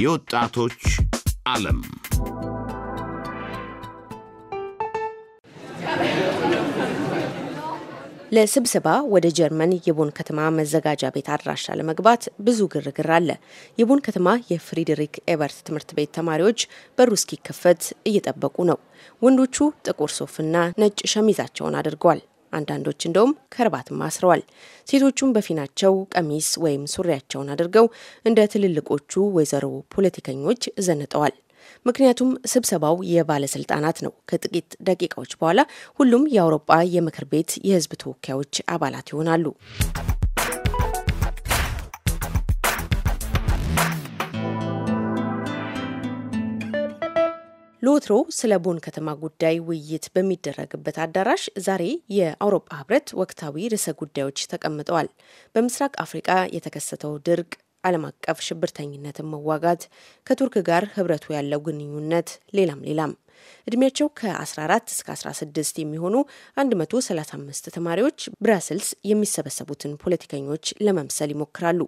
የወጣቶች ዓለም ለስብሰባ ወደ ጀርመን የቦን ከተማ መዘጋጃ ቤት አድራሻ ለመግባት ብዙ ግርግር አለ። የቦን ከተማ የፍሪድሪክ ኤበርት ትምህርት ቤት ተማሪዎች በሩ እስኪከፈት እየጠበቁ ነው። ወንዶቹ ጥቁር ሱፍና ነጭ ሸሚዛቸውን አድርገዋል። አንዳንዶች እንደውም ከርባትም አስረዋል። ሴቶቹም በፊናቸው ቀሚስ ወይም ሱሪያቸውን አድርገው እንደ ትልልቆቹ ወይዘሮ ፖለቲከኞች ዘንጠዋል። ምክንያቱም ስብሰባው የባለስልጣናት ነው። ከጥቂት ደቂቃዎች በኋላ ሁሉም የአውሮፓ የምክር ቤት የህዝብ ተወካዮች አባላት ይሆናሉ። ለወትሮ ስለ ቦን ከተማ ጉዳይ ውይይት በሚደረግበት አዳራሽ ዛሬ የአውሮፓ ህብረት ወቅታዊ ርዕሰ ጉዳዮች ተቀምጠዋል። በምስራቅ አፍሪቃ የተከሰተው ድርቅ፣ ዓለም አቀፍ ሽብርተኝነትን መዋጋት፣ ከቱርክ ጋር ህብረቱ ያለው ግንኙነት፣ ሌላም ሌላም። እድሜያቸው ከ14 እስከ 16 የሚሆኑ 135 ተማሪዎች ብራስልስ የሚሰበሰቡትን ፖለቲከኞች ለመምሰል ይሞክራሉ።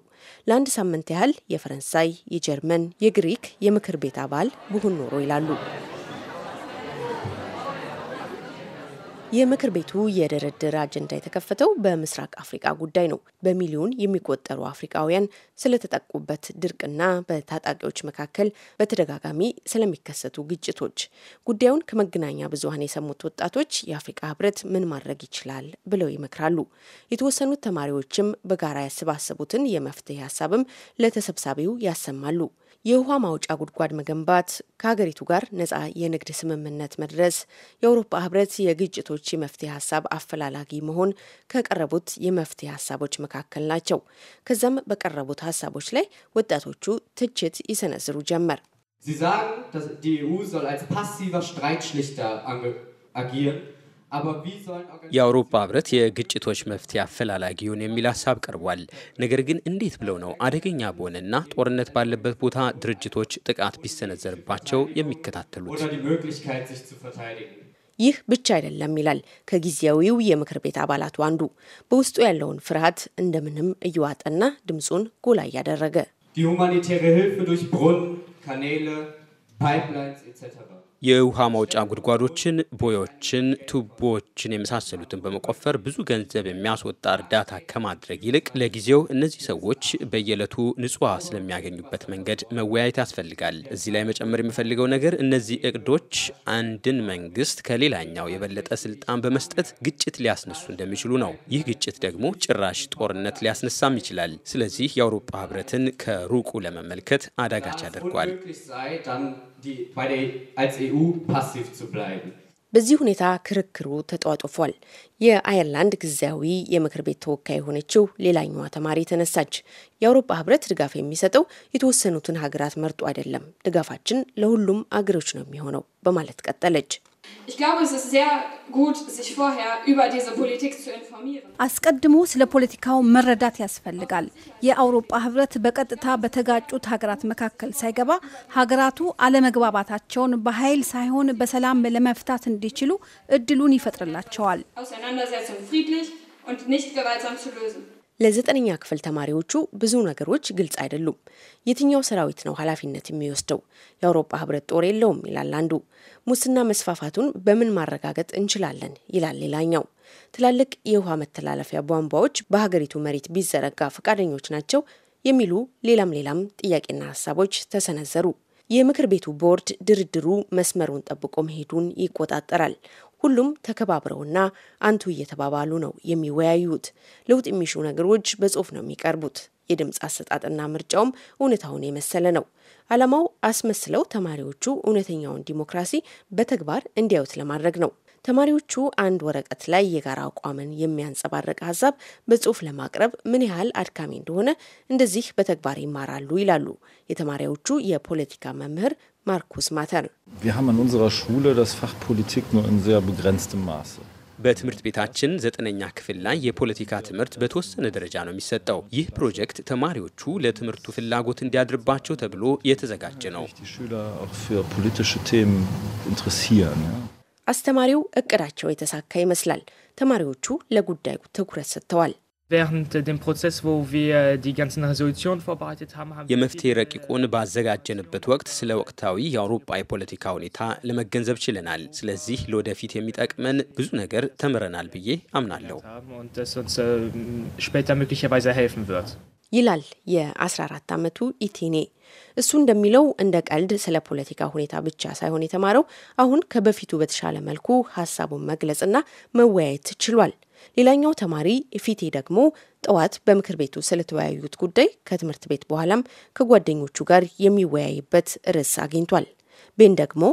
ለአንድ ሳምንት ያህል የፈረንሳይ፣ የጀርመን፣ የግሪክ የምክር ቤት አባል ብሆን ኖሮ ይላሉ። የምክር ቤቱ የድርድር አጀንዳ የተከፈተው በምስራቅ አፍሪቃ ጉዳይ ነው። በሚሊዮን የሚቆጠሩ አፍሪቃውያን ስለተጠቁበት ድርቅና በታጣቂዎች መካከል በተደጋጋሚ ስለሚከሰቱ ግጭቶች ጉዳዩን ከመገናኛ ብዙኃን የሰሙት ወጣቶች የአፍሪቃ ህብረት ምን ማድረግ ይችላል ብለው ይመክራሉ። የተወሰኑት ተማሪዎችም በጋራ ያሰባሰቡትን የመፍትሄ ሀሳብም ለተሰብሳቢው ያሰማሉ። የውሃ ማውጫ ጉድጓድ መገንባት፣ ከሀገሪቱ ጋር ነጻ የንግድ ስምምነት መድረስ፣ የአውሮፓ ህብረት የግጭቶች የመፍትሄ ሀሳብ አፈላላጊ መሆን ከቀረቡት የመፍትሄ ሀሳቦች መካከል ናቸው። ከዚም በቀረቡት ሀሳቦች ላይ ወጣቶቹ ትችት ይሰነዝሩ ጀመር። Sie sagen, dass die EU soll als passiver Streitschlichter agieren. የአውሮፓ ህብረት የግጭቶች መፍትሄ አፈላላጊውን የሚል ሀሳብ ቀርቧል። ነገር ግን እንዴት ብለው ነው አደገኛ በሆነና ጦርነት ባለበት ቦታ ድርጅቶች ጥቃት ቢሰነዘርባቸው የሚከታተሉት? ይህ ብቻ አይደለም ይላል ከጊዜያዊው የምክር ቤት አባላቱ አንዱ። በውስጡ ያለውን ፍርሃት እንደምንም እየዋጠና ድምፁን ጎላ እያደረገ የውሃ ማውጫ ጉድጓዶችን፣ ቦዮችን፣ ቱቦዎችን የመሳሰሉትን በመቆፈር ብዙ ገንዘብ የሚያስወጣ እርዳታ ከማድረግ ይልቅ ለጊዜው እነዚህ ሰዎች በየዕለቱ ንጹህ ውሃ ስለሚያገኙበት መንገድ መወያየት ያስፈልጋል። እዚህ ላይ መጨመር የሚፈልገው ነገር እነዚህ እቅዶች አንድን መንግስት ከሌላኛው የበለጠ ስልጣን በመስጠት ግጭት ሊያስነሱ እንደሚችሉ ነው። ይህ ግጭት ደግሞ ጭራሽ ጦርነት ሊያስነሳም ይችላል። ስለዚህ የአውሮፓ ህብረትን ከሩቁ ለመመልከት አዳጋች አድርጓል። E e በዚህ ሁኔታ ክርክሩ ተጧጡፏል። የአየርላንድ ጊዜያዊ የምክር ቤት ተወካይ የሆነችው ሌላኛዋ ተማሪ ተነሳች። የአውሮፓ ሕብረት ድጋፍ የሚሰጠው የተወሰኑትን ሀገራት መርጦ አይደለም፣ ድጋፋችን ለሁሉም አገሮች ነው የሚሆነው በማለት ቀጠለች። አስቀድሞ ስለ ፖለቲካው መረዳት ያስፈልጋል። የአውሮፓ ህብረት በቀጥታ በተጋጩት ሀገራት መካከል ሳይገባ ሀገራቱ አለመግባባታቸውን በኃይል ሳይሆን በሰላም ለመፍታት እንዲችሉ እድሉን ይፈጥርላቸዋል። ለዘጠነኛ ክፍል ተማሪዎቹ ብዙ ነገሮች ግልጽ አይደሉም። የትኛው ሰራዊት ነው ኃላፊነት የሚወስደው? የአውሮፓ ህብረት ጦር የለውም ይላል አንዱ። ሙስና መስፋፋቱን በምን ማረጋገጥ እንችላለን ይላል ሌላኛው። ትላልቅ የውሃ መተላለፊያ ቧንቧዎች በሀገሪቱ መሬት ቢዘረጋ ፈቃደኞች ናቸው የሚሉ ሌላም ሌላም ጥያቄና ሀሳቦች ተሰነዘሩ። የምክር ቤቱ ቦርድ ድርድሩ መስመሩን ጠብቆ መሄዱን ይቆጣጠራል። ሁሉም ተከባብረውና አንቱ እየተባባሉ ነው የሚወያዩት። ለውጥ የሚሹ ነገሮች በጽሁፍ ነው የሚቀርቡት። የድምፅ አሰጣጥና ምርጫውም እውነታውን የመሰለ ነው። ዓላማው አስመስለው ተማሪዎቹ እውነተኛውን ዲሞክራሲ በተግባር እንዲያዩት ለማድረግ ነው። ተማሪዎቹ አንድ ወረቀት ላይ የጋራ አቋምን የሚያንጸባርቅ ሀሳብ በጽሁፍ ለማቅረብ ምን ያህል አድካሚ እንደሆነ እንደዚህ በተግባር ይማራሉ ይላሉ የተማሪዎቹ የፖለቲካ መምህር ማርኩስ ማተር። በትምህርት ቤታችን ዘጠነኛ ክፍል ላይ የፖለቲካ ትምህርት በተወሰነ ደረጃ ነው የሚሰጠው። ይህ ፕሮጀክት ተማሪዎቹ ለትምህርቱ ፍላጎት እንዲያድርባቸው ተብሎ የተዘጋጀ ነው። አስተማሪው እቅዳቸው የተሳካ ይመስላል። ተማሪዎቹ ለጉዳዩ ትኩረት ሰጥተዋል። äh, የመፍትሄ ረቂቁን ባዘጋጀንበት ወቅት ስለ ወቅታዊ የአውሮፓ የፖለቲካ ሁኔታ ለመገንዘብ ችለናል። ስለዚህ ለወደፊት የሚጠቅመን ብዙ ነገር ተምረናል ብዬ አምናለሁ። ይላል የ14 ዓመቱ ኢቲኔ። እሱ እንደሚለው እንደ ቀልድ ስለ ፖለቲካ ሁኔታ ብቻ ሳይሆን የተማረው አሁን ከበፊቱ በተሻለ መልኩ ሀሳቡን መግለጽና መወያየት ችሏል። ሌላኛው ተማሪ ፊቴ ደግሞ ጠዋት በምክር ቤቱ ስለተወያዩት ጉዳይ ከትምህርት ቤት በኋላም ከጓደኞቹ ጋር የሚወያይበት ርዕስ አግኝቷል። ቤን ደግሞ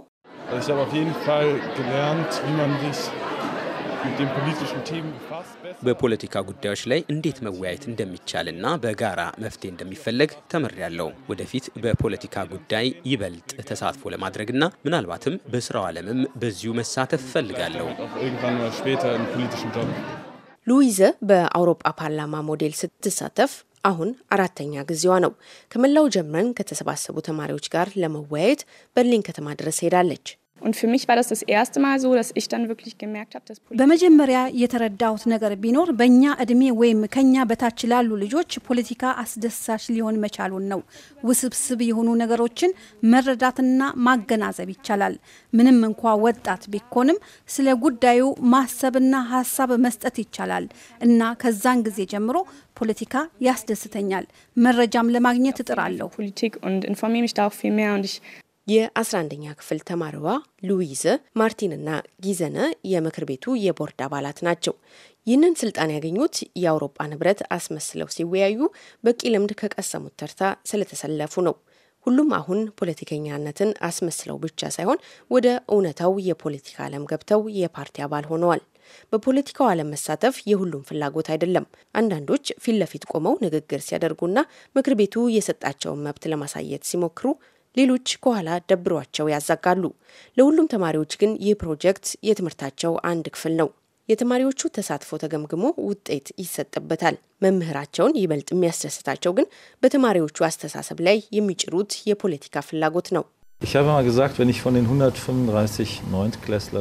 በፖለቲካ ጉዳዮች ላይ እንዴት መወያየት እንደሚቻልና በጋራ መፍትሄ እንደሚፈለግ ተምሬያለሁ። ወደፊት በፖለቲካ ጉዳይ ይበልጥ ተሳትፎ ለማድረግና ምናልባትም በስራው ዓለምም በዚሁ መሳተፍ እፈልጋለሁ። ሉዊዘ በአውሮፓ ፓርላማ ሞዴል ስትሳተፍ አሁን አራተኛ ጊዜዋ ነው። ከመላው ጀርመን ከተሰባሰቡ ተማሪዎች ጋር ለመወያየት በርሊን ከተማ ድረስ ሄዳለች። Und für mich war das das erste Mal so, dass ich dann wirklich gemerkt habe, dass Politik በመጀመሪያ የተረዳሁት ነገር ቢኖር በእኛ እድሜ ወይም ከኛ በታች ላሉ ልጆች ፖለቲካ አስደሳች ሊሆን መቻሉን ነው። ውስብስብ የሆኑ ነገሮችን መረዳትና ማገናዘብ ይቻላል። ምንም እንኳ ወጣት ቢኮንም ስለ ጉዳዩ ማሰብና ሀሳብ መስጠት ይቻላል እና ከዛን ጊዜ ጀምሮ ፖለቲካ ያስደስተኛል። መረጃም ለማግኘት እጥራለሁ። የ11ኛ ክፍል ተማሪዋ ሉዊዝ ማርቲንና ጊዘነ የምክር ቤቱ የቦርድ አባላት ናቸው። ይህንን ስልጣን ያገኙት የአውሮፓ ንብረት አስመስለው ሲወያዩ በቂ ልምድ ከቀሰሙት ተርታ ስለተሰለፉ ነው። ሁሉም አሁን ፖለቲከኛነትን አስመስለው ብቻ ሳይሆን ወደ እውነታው የፖለቲካ ዓለም ገብተው የፓርቲ አባል ሆነዋል። በፖለቲካው ዓለም መሳተፍ የሁሉም ፍላጎት አይደለም። አንዳንዶች ፊት ለፊት ቆመው ንግግር ሲያደርጉና ምክር ቤቱ የሰጣቸውን መብት ለማሳየት ሲሞክሩ ሌሎች ከኋላ ደብሯቸው ያዛጋሉ። ለሁሉም ተማሪዎች ግን ይህ ፕሮጀክት የትምህርታቸው አንድ ክፍል ነው። የተማሪዎቹ ተሳትፎ ተገምግሞ ውጤት ይሰጥበታል። መምህራቸውን ይበልጥ የሚያስደስታቸው ግን በተማሪዎቹ አስተሳሰብ ላይ የሚጭሩት የፖለቲካ ፍላጎት ነው። Ich habe mal gesagt, wenn ich von den 135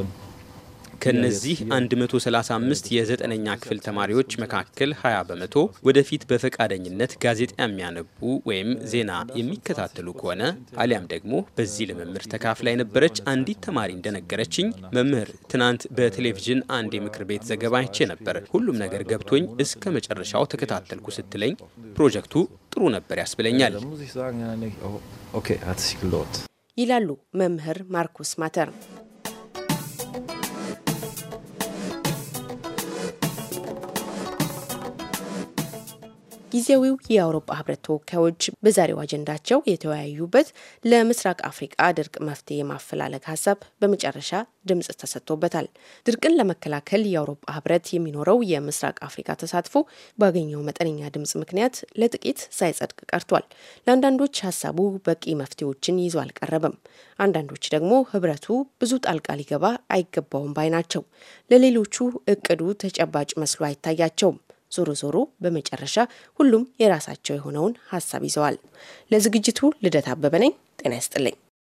ከነዚህ 135 የዘጠነኛ ክፍል ተማሪዎች መካከል 20 በመቶ ወደፊት በፈቃደኝነት ጋዜጣ የሚያነቡ ወይም ዜና የሚከታተሉ ከሆነ አሊያም ደግሞ በዚህ ልምምድ ተካፍላ የነበረች አንዲት ተማሪ እንደነገረችኝ መምህር፣ ትናንት በቴሌቪዥን አንድ የምክር ቤት ዘገባ አይቼ ነበር። ሁሉም ነገር ገብቶኝ እስከ መጨረሻው ተከታተልኩ ስትለኝ ፕሮጀክቱ ጥሩ ነበር ያስብለኛል ይላሉ መምህር ማርኩስ ማተር። ጊዜያዊው የአውሮፓ ህብረት ተወካዮች በዛሬው አጀንዳቸው የተወያዩበት ለምስራቅ አፍሪቃ ድርቅ መፍትሄ የማፈላለግ ሀሳብ በመጨረሻ ድምጽ ተሰጥቶበታል። ድርቅን ለመከላከል የአውሮፓ ህብረት የሚኖረው የምስራቅ አፍሪካ ተሳትፎ ባገኘው መጠነኛ ድምጽ ምክንያት ለጥቂት ሳይጸድቅ ቀርቷል። ለአንዳንዶች ሀሳቡ በቂ መፍትሄዎችን ይዞ አልቀረበም። አንዳንዶች ደግሞ ህብረቱ ብዙ ጣልቃ ሊገባ አይገባውም ባይ ናቸው። ለሌሎቹ እቅዱ ተጨባጭ መስሎ አይታያቸውም። ዞሮ ዞሮ በመጨረሻ ሁሉም የራሳቸው የሆነውን ሀሳብ ይዘዋል። ለዝግጅቱ ልደት አበበ ነኝ። ጤና ይስጥልኝ።